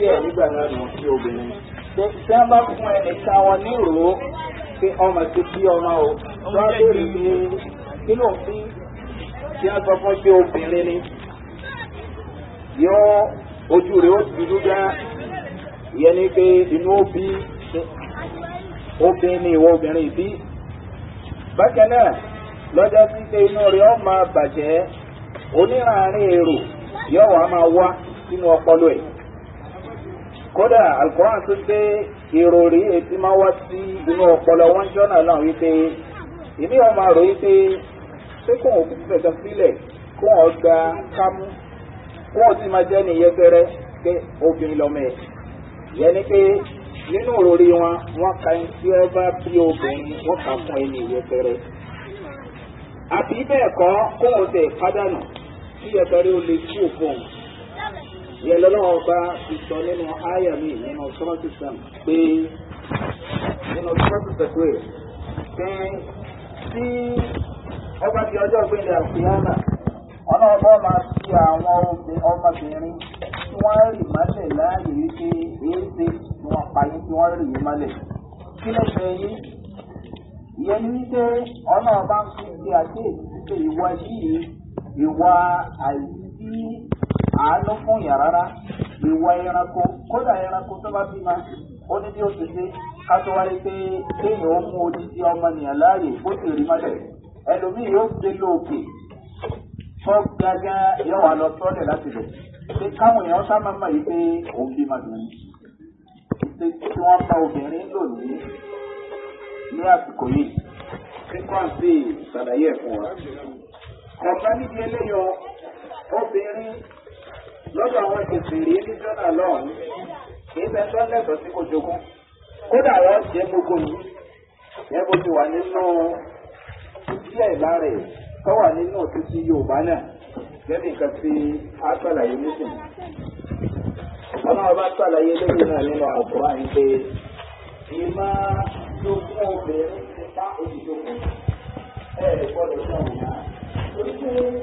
sílẹ̀ nígbà náà lọ sí obìnrin. tí wọ́n bá fún ẹnìkan wọn ní ìró pé ọmọ ti bí ọmọ o tó a béèrè pé kí ló ń fi wọ́n sọ fún obìnrin ni yọ ojú ó dúdú ni kódà alukoran tó gbé ìròrí etí máa wá sí inú ọpọlọ wọn jọ́nà náà wípé ìní wọn máa rò wípé pé kóun òkú fífẹ̀ kan sílẹ̀ kóun ọgbà kámú kóun sì máa jẹ́ ní yẹpẹrẹ pé obìnrin lọ́mọ ẹ̀ yẹn ni pé nínú òròrí wọn wọn ka ẹni tí wọn bá bí obìnrin wọn kà fún ẹni yẹpẹrẹ àbí bẹ́ẹ̀ kọ́ kóun tẹ̀ fádànù kí yẹpẹrẹ ó lè kú òfò yẹn lọ́wọ́ bá ìtọ́ nínú àyà mi nínú sọ́mọ́tì sàm pé nínú sọ́mọ́tì sẹ̀kúrè pé tí ọba ti ọjọ́ ìgbéyàwó àfihàn ọlọ́ọ̀bọ máa fi àwọn ọmọbìnrin tí wọ́n rì mọ́lẹ̀ láàyè wípé èéṣe ni wọ́n pa yín tí wọ́n rì yín mọ́lẹ̀ kí ló ṣe yín ìyẹn ni wípé ọlọ́ọ̀bá ń fi ṣe àkíyèsí pé ìwọ yìí ìwà àìsí àánú fún yàn rárá ìwà ẹranko kódà ẹranko tó bá bímọ ó ní bí ó ti ṣe ká tó wáyé pé kéèyàn ó mú odidi ọmọnìyàn láàyè bó ti rí mọ́lẹ̀ ẹlòmíì yóò gbé lóòkè fọ́ gágá yóò wà lọ sọ́ọ̀lẹ̀ láti lọ pé káwọn èèyàn sá máa mọ̀ yìí pé òun bímọ dùn ní ṣe tí wọ́n bá obìnrin lò ní àsìkò yìí tí kọ́ńtì ṣàlàyé ẹ̀ fún wa. kọ̀ọ̀kan níbi eléyọ obìnrin lọ́dọ̀ àwọn ìpèsèrè ní jọ́nà lọ́hùn kìí fẹ́ tọ́ lẹ́tọ̀ọ́ sí kò jogún kódà wọ́n jẹ́ gbogbo yìí jẹ́ bó ti wà nínú díẹ̀ lára tó wà nínú títí yorùbá náà gẹ́gẹ́ nǹkan tí a sàlàyé nísìn ọlọ́run bá sàlàyé lórí náà nínú àkùrá ń ìmọ̀ jogún obìnrin ti bá òṣìṣẹ́ kù ẹ̀ẹ́dẹ̀gbọ́dọ̀ sọ̀rọ̀ náà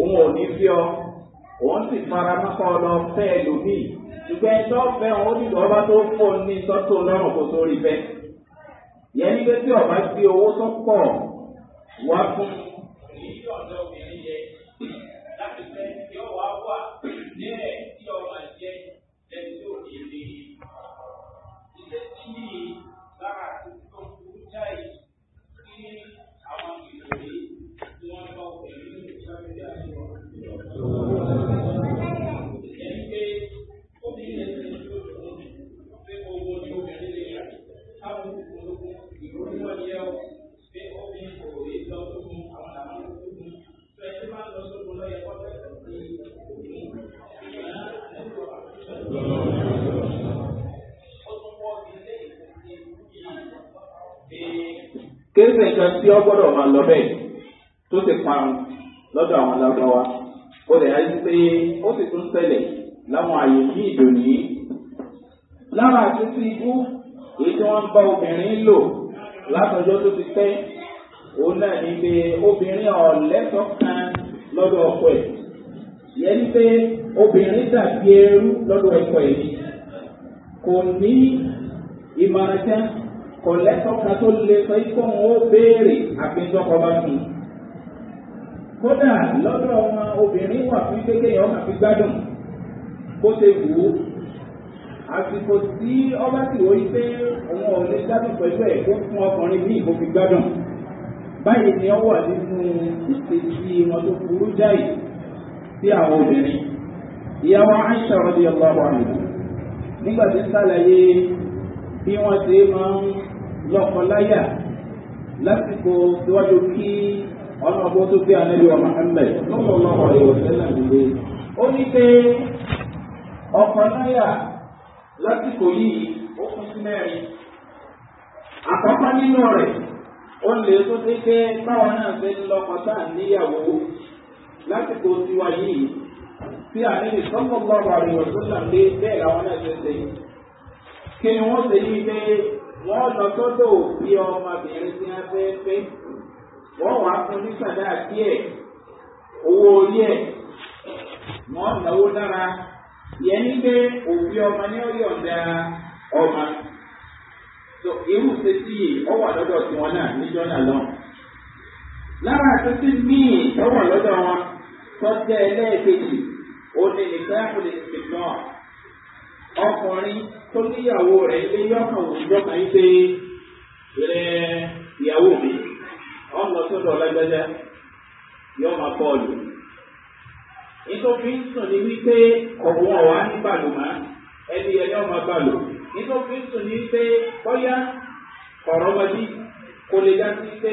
òun ò ní fi ọ òun sì fara mọ́kọ́ lọ fẹ́ ẹlòmíì ṣùgbọ́n ẹjọ́ fẹ́ òun nílò ọba tó fò ní sọ́tò lọ́rùn kó sórí bẹ́ẹ̀ yẹn ní pé tí ọba gbé owó tó pọ̀ wá fún tí ó gbọ́dọ̀ máa lọ bẹ́ẹ̀ tó ti parun lọ́dọ̀ àwọn alágbáwa ó lè ráyé pé ó sì tún ṣẹlẹ̀ láwọn àyè ní ìdòní. lára àtúntò ibú èyí tí wọ́n ń bá obìnrin lò látọjọ́ tó ti pẹ́ òun náà ní pé obìnrin ọ̀lẹ́tọ̀ kan lọ́dọ̀ ọkọ ẹ̀ yẹn pé obìnrin dàbí ẹrú lọ́dọ̀ ọkọ ẹ̀ kò ní ìmọ̀ràn kan kò lẹ́tọ̀ọ́ kan tó lè sọ ikú wọn ó béèrè àfihàn bá fún un. kódà lọ́dọ̀ ọmọ obìnrin wà fún kékeré ọmọ àfi gbádùn bó ṣe wù ú àsìkò tí ọba sì wọ́n pé òun ò lè gbádùn pẹ̀lú ẹ̀ tó fún ọkùnrin ní ìbò fi gbádùn báyìí ni ọ wà nínú ìṣèjì wọn tó burú jáì sí àwọn obìnrin ìyàwó aisha radiyallahu anha nígbà tí sálàyé bí wọ́n ṣe máa ń lọ́kọláyà lásìkò síwájú kí ọlọ́gbọ́n tó gbé anábì wa Muhammad lọ́wọ́lọ́wọ́ ọ̀rẹ́ ọ̀sẹ̀ náà nílé. ó ní pé ọkọláyà lásìkò yìí ó kún sí mẹ́rin. àkọ́kọ́ nínú rẹ̀ ó lè tó dé pé báwa náà fẹ́ lọ́kọ̀tà níyàwó lásìkò tiwa yìí tí anábì sọ́kọ̀ọ́ bá wà rẹ̀ ọ̀sẹ̀ náà lé bẹ́ẹ̀ làwọn náà ṣe ṣe kí ni wọ́n ṣe ní ilé wọ́n lọ sọ́dọ̀ òbí ọmọbìnrin tí wọ́n fẹ́ fẹ́ wọ́n wà fún nísàdá díẹ̀ owó orí ẹ̀ wọ́n náwó lára yẹn ní pé òbí ọmọ ní ọ̀yọ̀ǹda ọmọ tó irú sẹ́sì yìí ọ wà lọ́dọ̀ tiwọn náà níjọ́ náà lọ. lára àtúntí míì ọ wà lọ́dọ̀ wọn tọ́jú ẹlẹ́ẹ̀kejì ó ní nìkan kò lè ṣègbọ́n. ọkùnrin tó níyàwó rẹ̀ ilé yọkàn òjò kan yín pé ìyàwó mi ọ̀nà tó lágbájá yọ máa bọ́ọ̀lù. nítorí sùn ní wípé ọ̀gbọ́n wa ní bàlùmá ẹni ẹni ọmọ bàlù nítorí sùn ní wípé bọ́yá ọ̀rọ̀ kò lè dá sí pé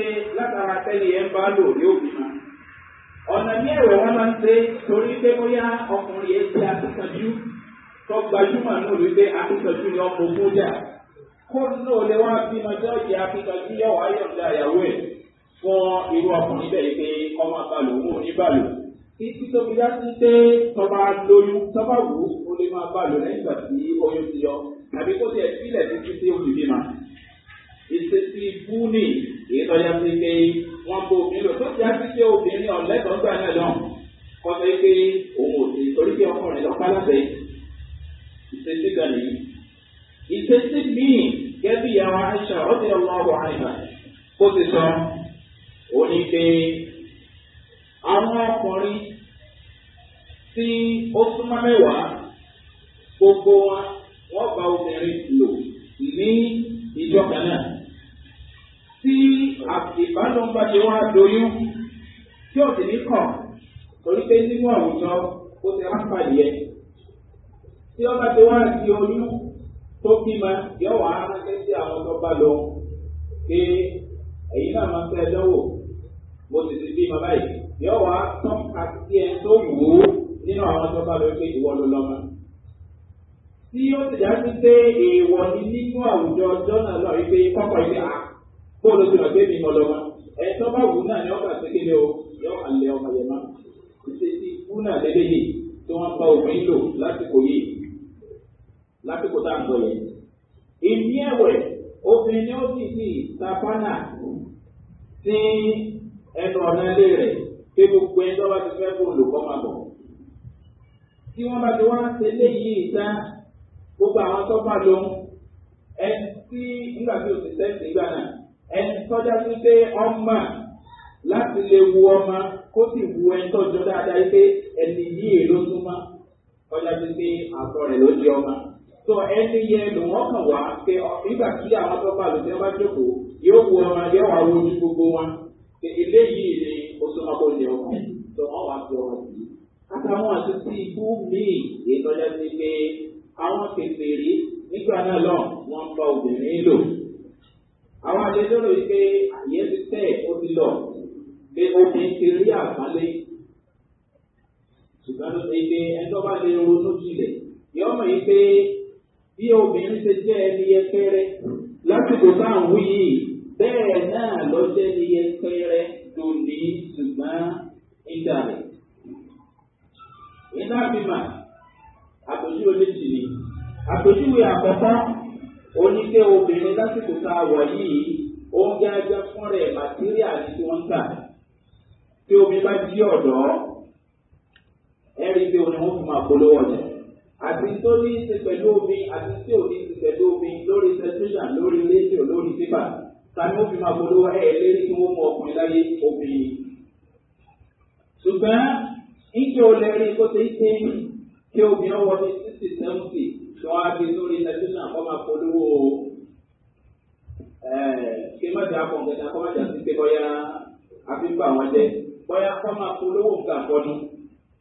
ọ̀nà ní ẹ̀rọ wọn máa torí pé bọ́yá ọkùnrin tó gbajúmọ̀ náà ló dé akíkanjú ni ọkọ̀ sójà kó náà lè wá bí mọ́jọ́ọ̀jì akíkanjú yẹ̀wò ayọ̀dá ìyàwó ẹ̀ fún irú ọkùnrin bẹ́ẹ̀ pé ọmọ àbálò òun ò ní bàlò títí tó fi dájú pé tọba lóyún tọba wù ó lè máa bàlò lẹ́yìn ìgbà tí oyún ti yọ àbí kó tiẹ̀ sílẹ̀ títí tí ó fi bímọ ìṣesí ibú ni èyí tọ́jà sí pé wọ́n bo obìnrin lò tó ti dájú pé obìnrin ọ̀lẹ́tọ̀ọ́gbà náà lọ kọ́ sọ pé òun ò sì torí pé ọkùnrin lọ́pàá lábẹ́ ìṣesí kan nìyí ìṣesí míì gẹ́bí àwọn aṣọ ọ̀dẹ̀ ọlọ́wọ́ àìmọ̀ kó ti sọ òní pé àwọn ọkùnrin tí ó súnmọ́ mẹ́wàá gbogbo wọn wọ́n bá obìnrin lò ní ìjọ kan náà tí ìbálòpọ̀ ti wá doyún tí ò sì ní kàn torí pé nínú àwùjọ ó ti rápàdé ẹ̀ tí ọba ti wá sí oyún tó bímọ yóò wá ránṣẹ́ sí àwọn tó bá lọ pé èyí náà máa fẹ́ dánwò mo sì ti bímọ báyìí yóò wá tán àti ẹni tó wù ú nínú àwọn tó bá lọ pé ìwọ ló lọ́mọ. tí ó ti dájú pé èèwọ̀ ni nínú àwùjọ jọ́nà lọ rí ah, pé kọ́kọ́ ilé à kó o lọ sí ọ̀gbẹ́ mi mọ́ lọ́mọ. ẹ̀ tó bá wù ú náà ni ọba ti kéde o yóò hàn ọmọ yẹn mọ́. ìṣesí ikú náà lélẹ́yìí tí wọ́n bá òfin lò lásìkò yìí lásìkò tá à ń gbọ́ yẹn. ìdí ẹ̀wẹ̀ obìnrin ni ó sì ní ìtapánà sí ẹnu ọ̀nà ilé rẹ̀ pé gbogbo ẹni tó bá ti fẹ́ kó lò kọ́ máa bọ̀. tí wọ́n bá ti wá ṣe léyìí ìta gbogbo àwọn tó bá lọ ẹni tí nígbà tí o sẹ́ǹtì gbà náà ẹni tọ́já sí pé ọmọ láti lè wu ọmọ kó sì wu ẹni tọ́jú dáadáa pé ẹni yìí ló súnmọ́ tọ́já sí pé àtọ̀ rẹ̀ ló di ọmọ tó ẹni yẹ ló wọ́n kàn wá pé nígbà tí àwọn tó bá lòdì ọba jókòó yóò wọ ọmọ yẹn wà wọ ojú gbogbo wọn pé eléyìí ni oṣù ọkọ ní ọkọ tó wọn wà tó ọkọ yìí. àtàwọn àtúntì ikú míì ìtọ́jà ti pé àwọn kékeré nígbà náà lọ wọn bá obìnrin lò. àwọn àlejò rò pé àyè ti tẹ̀ ó ti lọ pé obìnrin ti rí àbálẹ̀ ṣùgbọ́n ló ti pé ẹjọ́ bá lè ronú jinlẹ̀ yọmọ yìí pé bí obìnrin ṣe jẹ́ ẹni yẹpẹrẹ lásìkò táwọn wí yìí bẹ́ẹ̀ náà lọ jẹ́ ẹni yẹpẹrẹ lónìí ṣùgbọ́n nígbà rẹ̀. iná bímà àpèjúwe méjì ni àpèjúwe àkọ́kọ́ oníkẹ́ obìnrin lásìkò tá a wọ̀ yìí oúnjẹ ajá fún rẹ̀ màtíríà ni tí wọ́n ń tà tí omi bá jí ọ̀dọ́ ẹ̀rí pé oní wọn fi máa polówó ọjà àti tó ní í ṣe pẹ̀lú omi àti tí ò ní í ṣe pẹ̀lú omi lórí tẹlifíṣàn lórí rédíò lórí pépà tani ó fi máa polówó ẹ̀ lérí kí wọ́n mú ọkùnrin láyé obìnrin. ṣùgbọ́n ìjọ lẹ́rìí kó ṣe é ṣe kí obìnrin wọ ní sixty seventy tí wọ́n á gbé lórí tẹlifíṣàn kó máa polówó kí má jà kọ̀ǹgẹ̀dà kó má jà sí pé bọ́yá àfihàn àwọn jẹ bọ́yá kó máa polówó nǹkan àkọ́dún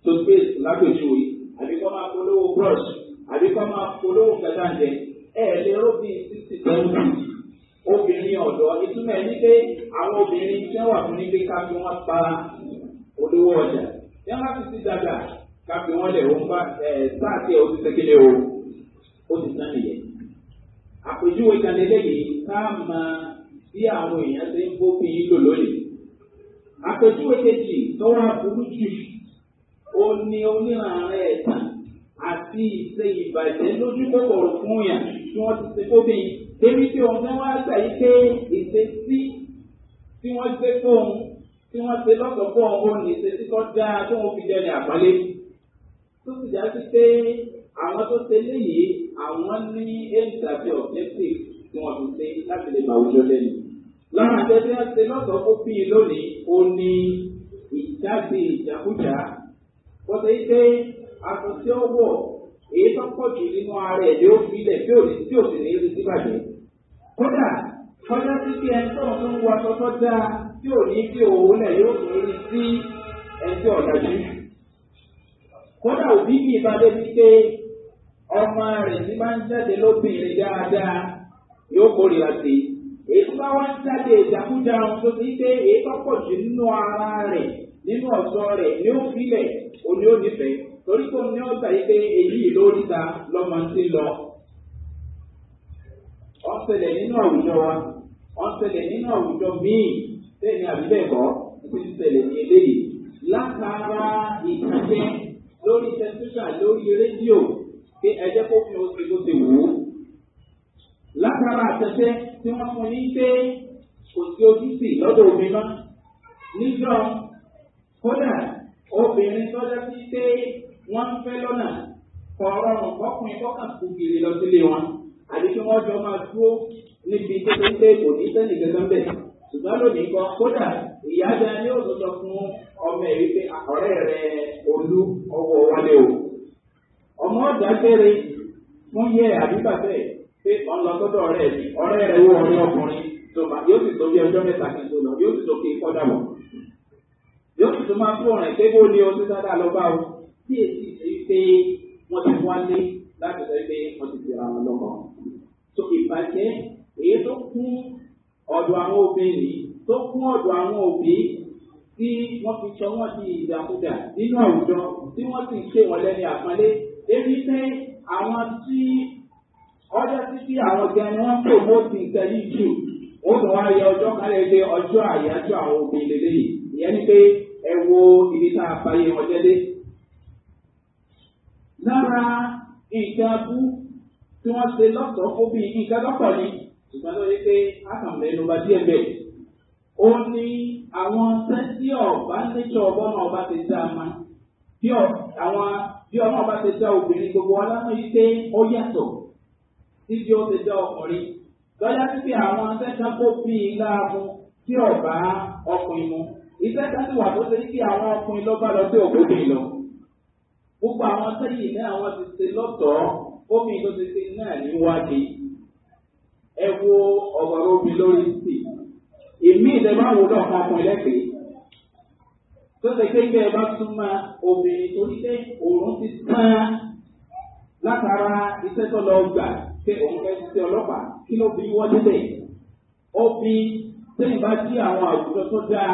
tó gbé lágbèjúwe polówó brush àbí ká máa polówó kẹta jẹ ẹ lè róbì sixty seventy obìnrin ọ̀dọ́ ìtumọ̀ ẹ̀ ní pé àwọn obìnrin tí wọ́n wà fún ní pé ká fi wọ́n pa olówó ọjà tí wọ́n bá ti ti dàgbà ká fi wọ́n lẹ̀ wọ́n bá ẹ̀ sáà tí ó ti sẹ́kẹ́lẹ́ o ó ti sàn nìyẹn. àpèjúwe kan lélẹ́yìí ká máa bí àwọn èèyàn ṣe ń bófin yín lò lónìí. àpèjúwe kejì tó wá burú jù ó ní onírànlẹ́ ẹ̀sán àti ìṣe ìbàjẹ́ lójú kòkòrò fún yàn tí wọ́n ti ṣe kóbi yìí. Débi tí òun náà wá gbà yí pé ìṣesí tí wọ́n gbé fóun tí wọ́n ṣe lọ́sọ̀ fún òun òun ní ìṣesí tó dáa tó ń fi jẹun àpálẹ́. Tó sì já sí pé àwọn tó ṣe léyìí àwọn ní èyí tàbí objective tí wọ́n fi ṣe láti lè bá àwùjọ lẹ́nu. Lára àjẹ tí wọ́n ṣe lọ́sọ̀ fún bí lónìí, ó ní ìjáde ìjàkújà aṣọ tí ó wọ̀ èyí tó pọ̀ jù nínú ara ẹ̀ ló fi ilẹ̀ tí ò sì ní rí síbàjẹ́. kódà kọjá sí kí ẹni tó ń wọ aṣọ tó dáa tí ò ní kí òun lẹ̀ yóò tún rí sí ẹni ọ̀dájú. kódà òbí mi bá dé sí pé ọmọ rẹ̀ ní máa ń jáde lóbìnrin dáadáa yóò kórìíra sí i èyí bá wá ń jáde ìjàkújà ohun tó ti dé èyí tó pọ̀ jù nínú ara rẹ̀ nínú ọ̀sọ́ rẹ̀ ni filẹ̀ òní ó nífẹ̀ẹ́ torí kò ní ọgbà yìí pé èyí lórí ta lọ́mọ ti lọ. wọ́n ṣẹlẹ̀ nínú àwùjọ wa wọ́n ṣẹlẹ̀ nínú àwùjọ míì bẹ́ẹ̀ ni àbí bẹ́ẹ̀ kọ́ ó ti ṣẹlẹ̀ ní eléyìí. látara ìtàgé lórí tẹsíṣà lórí rédíò pé ẹjẹ́ kó fi oṣù tó ti wù ú. látara àtẹ̀tẹ̀ tí wọ́n fún ní pé kò sí ojútì lọ́dọ̀ omi náà níjọ́ kódà obìnrin tọ́jọ́ sí pé wọ́n ń fẹ́ lọ́nà kọ̀ọ̀rọ̀ ọkùnrin tọ́kàn kò gèrè lọ sílé wọn àbí kí wọ́n jọ máa dúró níbi tó ti pé kò ní sẹ́ni kankan bẹ̀. ṣùgbọ́n lónìí kan kódà ìyá gan ni ó tó sọ fún ọmọ ẹ̀ wípé ọ̀rẹ́ rẹ olú ọwọ́ wálé o. ọmọ ọ̀dà kéré fún yẹ àdúgbàfẹ́ pé ọlọ́sọ́dọ̀ ọ̀rẹ́ mi ọ̀rẹ́ rẹ wọ ọ̀rẹ́ ọkùnrin tó bá yóò sì tó bí ọjọ́ mẹ́ta kí n tó lọ yóò sì tó kí n kọ́ dà mọ́. yóò sì tó máa fún ọ̀rẹ́ pé ni o ti sá tí èsì ṣe wípé wọ́n ti wálé láti sọ pé wọ́n ti fi àwọn lọ́kọ̀. So ìbàjẹ́ èyí tó kún ọ̀dọ̀ àwọn obìnrin tó kún ọ̀dọ̀ àwọn òbí tí wọ́n fi sọ wọ́n di ìdàkudà nínú àwùjọ tí wọ́n sì ṣe wọ́n lẹ́ni àpọ́nlé débi pé àwọn tí ọjọ́ títí àwọn gẹ̀ẹ́ni wọ́n pè mọ́ ti ìtẹ̀lé jù ó lọ wá ọjọ́ kálẹ̀ pé ọjọ́ àyájọ́ àwọn obìnrin lélẹ́yìn ìyẹn ni pé ẹ wo ibi tá a bá yẹ ọjọ́ dé lára nǹkan abú tí wọ́n ṣe lọ́sọ̀ọ́ ó bí nǹkan lọ́pọ̀ ni ṣùgbọ́n ló yẹ pé akànbẹ́ ló bá díẹ̀ bẹ́ẹ̀. ó ní àwọn sẹ́ńtì ọ̀bá níjọ́ ọgbọ́n náà ọba ti dá a ma bí àwọn bí ọmọ ọba ti dá obìnrin gbogbo aláwọ̀ yìí pé ó yàtọ̀ sí bí ó ti dá ọkùnrin lọ́yà sí pé àwọn sẹ́ńtì tó bí i láàmú tí ọ̀bá ọkùnrin mu ìsẹ́ńtì wà tó ṣe kí àwọn ọkùnrin lọ́ bá lọ sí òkúté lọ gbogbo àwọn sẹ́yìn náà wọ́n ti ṣe lọ́tọ̀ọ́ omi tó ti ṣe náà níwádìí ẹ wo ọ̀gọ̀rọ̀ omi lórí sí èmi ìdẹ́gbà wo náà kan fún ẹlẹ́gbẹ̀ẹ́ tó ṣe pé bí ẹ bá súnmọ́ obìnrin tó ní pé òun ti tán látara iṣẹ́ tó lọ gbà pé òun fẹ́ ti ṣe ọlọ́pàá kí ló fi wọ́n délẹ̀ ó fi sẹ́yìn bá jí àwọn àwùjọ tó dáa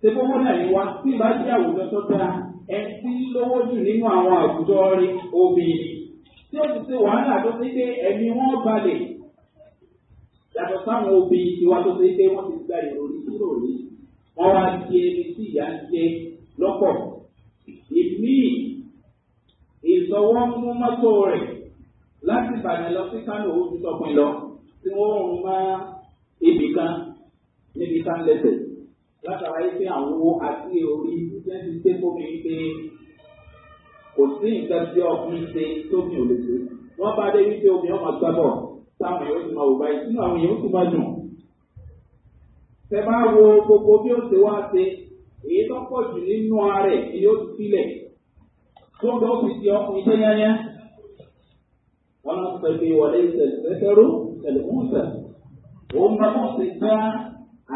ṣe gbogbo náà ní wa sẹ́yìn bá jí àwùjọ tó dáa ẹtí lówó jù nínú àwọn àwùjọ rí obìnrin tí ó ti ṣe wàhálà tó ṣe pé ẹ̀mí wọn balẹ̀ yàtọ̀ sáwọn obìnrin tiwa tó ṣe pé wọ́n ti gba ìròyìn kúrò ní wọ́n wá di ẹni tí ìyá ń jẹ lọ́pọ̀ ìmí ìsọwọ́ mú mọ́tò rẹ̀ láti ìbàdàn lọ sí kánò ojú tọpin lọ tí wọ́n ń má ibì níbi kan látara yìí pé àwọn owó àti orí ṣe ń ṣe fómi pé kò sí nǹkan tí ọkùnrin ṣe tómi ò lè ṣe wọ́n bá dé wípé omi ọmọ gbábọ̀ táwọn èèyàn ti máa wò báyìí sínú àwọn èèyàn ti máa dùn. tẹ bá wo gbogbo bí ó ṣe wá ṣe èyí tó pọ̀ jù nínú ààrẹ ni yóò ti sílẹ̀ tó ń bọ́ fi di ọkùnrin tó yányá. wọ́n lọ sọ pé wọlé ìṣẹ̀lẹ̀ fẹ́rú ìṣẹ̀lẹ̀ mú ìṣẹ̀lẹ̀ òun náà ti gbá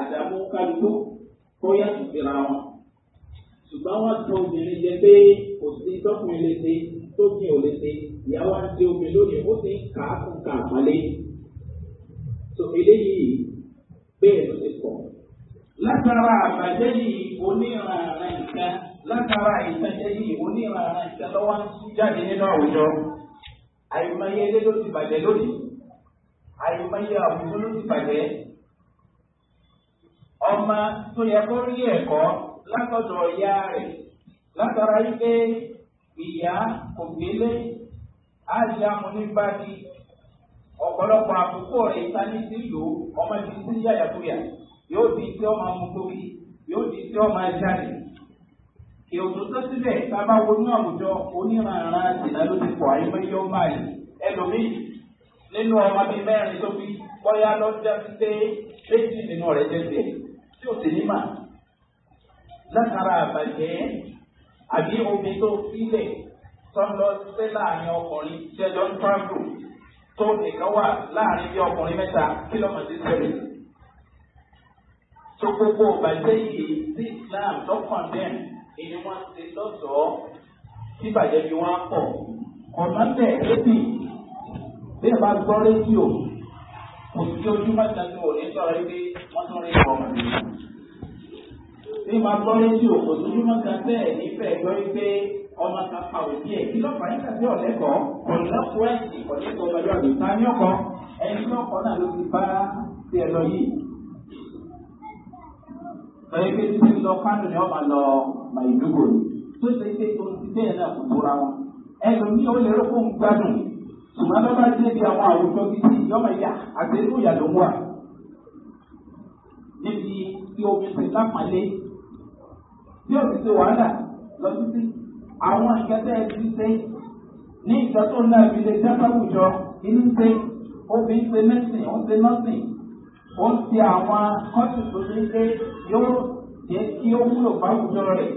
àdàmú kálukú ó yàtọ̀ síra wọn ṣùgbọ́n wọ́n tún obìnrin jẹ pé kò sí tọkùnrin lè ṣe tóbi ò lè ṣe ìyàwó àti obìnrin lónìí ó ti ń kà á fún kà àpálẹ́ tó eléyìí bẹ́ẹ̀ ló ti pọ̀ látara àbàjẹ́ yìí oníranran ìta látara ìtajẹ́ yìí oníranran ìta lọ́wọ́ jáde nínú àwùjọ àìmọye ilé ló ti bàjẹ́ lónìí àìmọye àwùjọ ló ti bàjẹ́ ọmọ tó yẹ kó rí ẹ̀kọ́ látọ̀dọ̀ ìyá rẹ̀ látara wípé ìyá kò gbélé ájámu nígbà tí ọ̀pọ̀lọpọ̀ àkókò rẹ̀ ìtaní sí lò ọmọ ti sí yàyàkúyà yóò di tí ọmọ amúgbóbi yóò di tí ọmọ ajáde èòtò tó síbẹ̀ sábà wọnú àwùjọ oníranran àtìlá ló ti pọ̀ ayé mẹ́yọ́ máàlì ẹlòmíì nínú ọmọ bíi mẹ́rin tó fi bọ́yá lọ́jọ́ sí pé méjì nínú rẹ̀ jẹ́ tiẹ̀ tí o sì ní mà látara àbàjẹ́ àbí omi tó sílẹ̀ tó ń lọ sí láàrin ọkùnrin tí ẹjọ́ ń tíráàbù tó nìkan wà láàrin bí ọkùnrin mẹ́ta kílọ̀mọ̀tì sẹ́lẹ̀. tó gbogbo ìbàjẹ́ yìí sí Islam lọ́kàn dẹ́n èyí wọ́n ti lọ́sọ̀ọ́ tí ìbàjẹ́ bí wọ́n pọ̀ ọ̀nà tẹ̀ lébì bí ẹ bá gbọ́ rédíò kò sí ojúmọ́ ìdájọ́ òní sọ̀rọ̀ ibi wọ́n tún rí ọmọ nìyẹn ní ma gbọ́ létí òkò tó ní mọ́ta bẹ́ẹ̀ nífẹ̀ẹ́ gbọ́ wípé ọmọ ta pa òbí ẹ̀ kí lọ́pàá nígbà tí ọ̀lẹ́kọ̀ọ́ kò ní lọ́pọ̀ ẹ̀sìn kò ní sọ ọjọ́ àbí ta ní ọkọ ẹni lọ́kọ̀ọ́ náà ló ti bá ti ẹ lọ yìí. sọ pé títí lọ kánò ni wọ́n máa lọ màìdúgbò tó ṣe pé tó ti bẹ́ẹ̀ náà kò bóra wọn. ẹlòmíì ó lè rò fún gbádùn ṣùgbọ́n bá bá dé bí àwọn àwùjọ gidi yọmọ ìyá àti inú ìyá ló ń wà. níbi tí omi ti lápàlẹ́ tí òsì ṣe wàhálà lọ títí àwọn ìkẹtẹ ti ṣe ní ìjọ tó ń náà fi lè jẹ́ fáwùjọ inú ṣe ó fi ń ṣe mẹ́sìn ó ń ṣe nọ́sìn ó ń ṣe àwọn kọ́ọ̀tù tó ṣe ń ṣe yóò jẹ́ kí ó wúlò fáwùjọ rẹ̀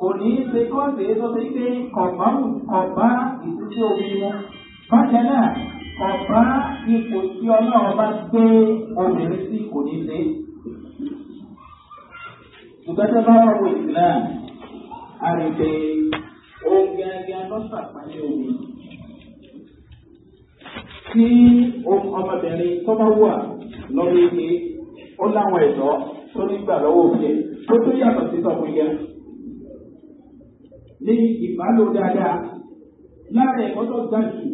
kò ní í ṣe kọ́ọ̀tù yìí tó ṣe pé kọ̀ọ̀bá ìṣiṣẹ́ omi wọn bákan náà kọ̀ọ̀bá ipò tí ọlọ́run bá gbé obìnrin sí kò ní í ṣe é ṣùgbọ́n tó bá wà wọ Islam a rí pé ohun gẹ́gẹ́ lọ́sà pàdé omi tí ọmọbìnrin tó bá wà lọ́wọ́ ike ó láwọn ẹ̀tọ́ tó nígbà lọ́wọ́ òfin tó tó yàtọ̀ sí tọkùnrin ní ìbálò dáadáa lára ẹ̀kọ́ tó gbà jù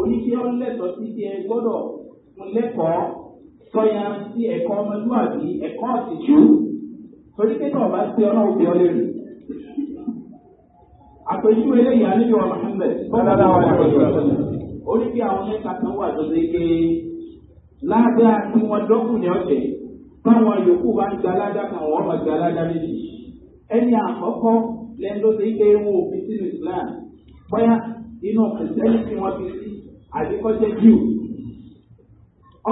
oníṣẹ́ ọlẹ́tọ̀ sí ti ẹ gbọ́dọ̀ fún lẹ́kọ̀ọ́ tọ́ya sí ẹ̀kọ́ ọmọlúwàbí ẹ̀kọ́ ọ̀sìnjú torí pé náà bá ṣe ọlọ́run bí ọlẹ́ rí àpèjú eléyìí àníbi wa muhammed bọ́lá wa ní ọjọ́ ó ní bí àwọn mẹ́ta kan wà tó ṣe pé ládàá tí wọ́n dọ́kùn ní ọ̀sẹ̀ báwọn yòókù bá ń gba ládàá kan wọ́n máa gba ládàá méjì ẹni àkọ́kọ́ lẹ́nu tó ṣe wọn ò fi sínú islam bóyá inú kìrìsìtẹ́nì tí wọ́n fi sí àdékọ́jẹ́ jù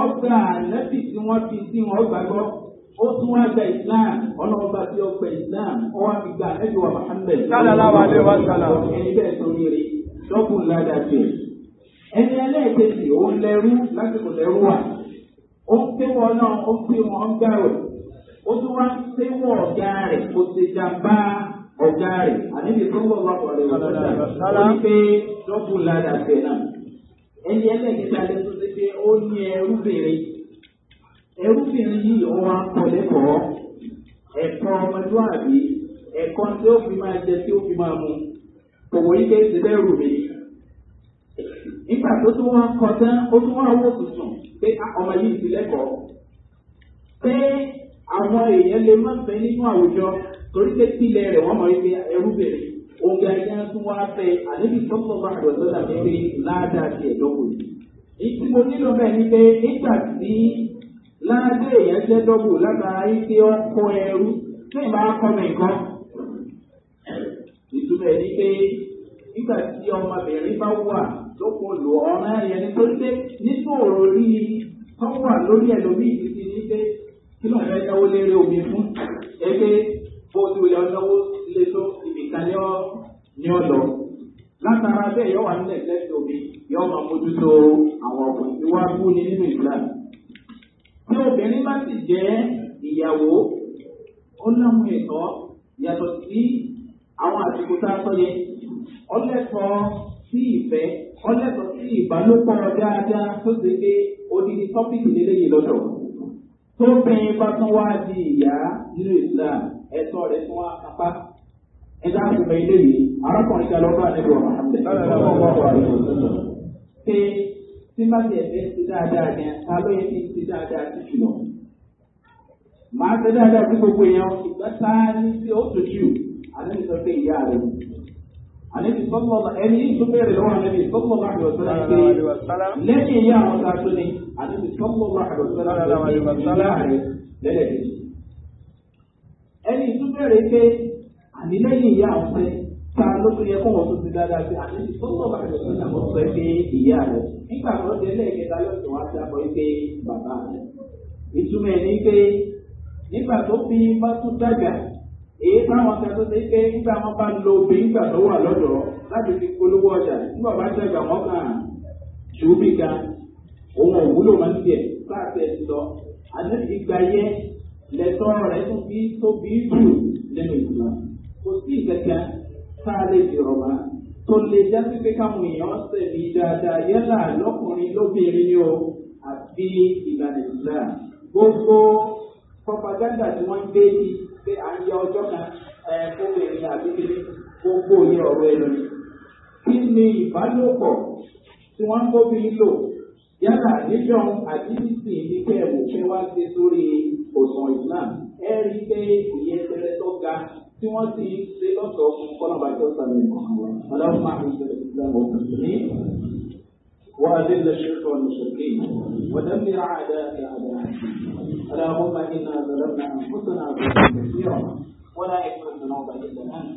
ọgbà ànábì tí wọ́n fi sí wọn gbàgbọ́ ó tún wá gba islam ọlọ́ọ̀bá tí ó gba islam ó wá fi gba ẹ̀jọ̀ wa Muhammad. sálàlá wa lè wá sálà. ẹni bẹ́ẹ̀ tó ní rí dọ́kùn ládàá jẹ. ẹni ẹlẹ́ẹ̀kejì òun lẹ́rú lásìkò lẹ́rú wà. ó ń pé wọn náà ó ń pé wọn ń gbà rẹ̀. ó tún wá ń pé wọn ọ̀gá rẹ̀ kò sì jàmbá ọ̀gá rẹ̀. àníbi tó ń bọ̀ wá pọ̀ lẹ́wọ̀ sálà. ó ń pé dọ́kùn ládàá ẹrúfìnrin yìí òun wa kọ lẹ́kọ̀ọ́ ẹ̀kọ́ ọmọdúnàbí ẹ̀kọ́ tí ó fi máa jẹ tí ó fi máa mu òwò yìí kéde bẹ́ẹ̀rù mi. nígbà tó tún wá kọ tán ó tún wá owó tuntun pé ọmọ yìí ti lẹ́kọ̀ọ́ pé àwọn èèyàn lè má fẹ́ nínú àwùjọ torí pé tilẹ̀ rẹ̀ wọ́n mọ̀ wípé ẹrúbìnrin oge ajá tún wá fẹ́ àlébi tọ́pọ̀ bá àdọ̀tọ́ dàbí pé ládàá ti ẹ̀dọ́kùnrin. ìtumọ̀ nílò bẹ́ẹ̀ ni pé nígbà tí ládé èèyàn jẹ́ dọ́bù látara yí pé ó kọ ẹrú tí ìbá kọ́ mi nǹkan. ìtumọ̀ ẹ̀ ni pé nígbà tí ọmọbìnrin bá wà lọ́pọ̀ lò ọ̀rá yẹn ni pé pé nítorò rí tó wà lórí ẹlòmíì títí ní pé kí ló ń fẹ́ náwó lérè omi fún ẹgbẹ́ bó ti wùyà náwó lé tó ìbìkan ní ọ̀dọ̀ látara bẹ́ẹ̀ yọ wà nílẹ̀ lẹ́sẹ̀ omi yọ máa mójútó àwọn ọkùnrin tí wọ́n á kú ní nínú ìgbà obìnrin bá sì jẹ́ ìyàwó ó láwọn ẹ̀tọ́ yàtọ̀ sí àwọn àsìkò tá a sọ yẹn ọlẹ́tọ̀ọ́ sí ìfẹ́ ọlẹ́tọ̀ọ́ sí ìbálòpọ̀ dáadáa tó ṣe pé odidi tọ́pìkì lélẹ́yìn lọ́dọ̀ tó bẹ́ẹ̀ bá tún wá di ìyá nínú Islam ẹ̀tọ́ rẹ̀ tún wá kápá ẹ̀dá àkùnbẹ̀ ilé yìí arákùnrin kan lọ́dọ̀ àdébọ̀ ọ̀hún ṣe tí má ti ẹ̀fẹ́ ti dáadáa yẹn ta ló yẹ kí n ti dáadáa sí Màá ṣe dáadáa sí gbogbo èèyàn ìgbà sáání tí ó tó jù àlejò sọ pé ìyá rẹ̀. Àlejò sọ́kọ̀ ẹni yìí tó bẹ̀rẹ̀ lọ́wọ́ àlejò sọ́kọ̀ bá àjọ sọ́lá pé lẹ́yìn ìyá àwọn ta tó ní rẹ̀ Ẹni tó bẹ̀rẹ̀ pé nígbà tó délé ìkẹta lọ́sọ̀ wá jábọ̀ pé bàbá rẹ̀ ìtumọ̀ ẹ̀ ní pé nígbà tó fi mọ́tò dàgbà èyí táwọn kan tó ṣe pé nígbà wọn bá lo obìnrin nígbà tó wà lọ́dọ̀ láti fi polówó ọjà nígbà bá dàgbà wọn kàn ṣùgbọ́n ga òun òwúlò máa ń tiẹ̀ láti ẹ̀ sọ àti ìgbà yẹ lẹ́tọ́ rẹ̀ tó fi tóbi jù nínú ìgbà kò sí ìkẹkẹ sáà lè di ọ̀rọ̀ máa tó lè jásí pé káwọn èèyàn sẹ̀bi dáadáa yálà lọ́kùnrin lóbìnrin ni o àbí ìlànà ìlà gbogbo propaganda tí wọ́n ń gbé yìí pé à ń ya ọjọ́ kan fóbìnrin àbí kiri gbogbo yẹ ọ̀rọ̀ ẹnu ni. kí ni ìbálòpọ̀ tí wọ́n ń bóbìnrin lò yálà níjọ́ àbí sísìn ní kẹ́ ẹ̀ wò pé wá ṣe sórí òsàn ìsìlámù ẹ rí i pé ìyẹn tẹ́lẹ̀ tó ga tí wọ́n ti ṣe lọ́sọ̀ọ́ fún kọ́nàbà tó sàmì ìkọ̀kan wa aláwọ̀má وأذل الشرك والمشركين ودمر أعداءك أعداءك اللهم إنا ظلمنا أنفسنا ظلما كثيرا ولا يغفر الذنوب إلا أنت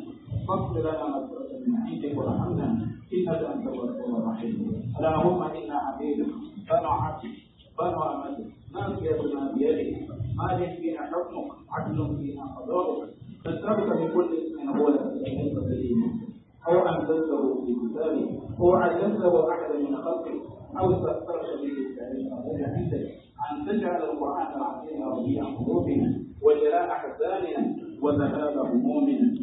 فاغفر لنا مغفرة من عندك وارحمنا إنك أنت الغفور الرحيم اللهم إنا عبيدك بنو عبدك بنوا عمل ما بيدي بيده لي فيها حكمك عدل فيها قضاؤك فاترك بكل اسم هو لك أو أنزلته في كتابه أو علمته أحدا من خلقه أو استأثرت به التاريخ أن تجعل القرآن العظيم ربيع قلوبنا وجلاء أحزاننا وذهاب همومنا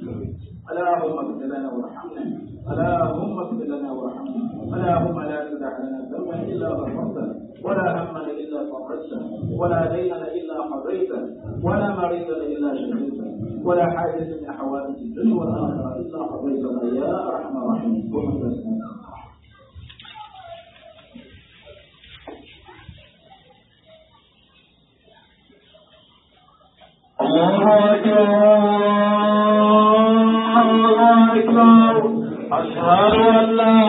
اللهم اغفر لنا وارحمنا اللهم اغفر لنا وارحمنا اللهم لا تدع لنا ذنبا إلا غفرته ولا هم إلا فرجته ولا دين إلا قضيته ولا مريض إلا شفيته ولا حاجة من أحوال الدنيا والآخرة إلا قضيته يا أرحم الراحمين الله أكبر الله أكبر أشهد أن لا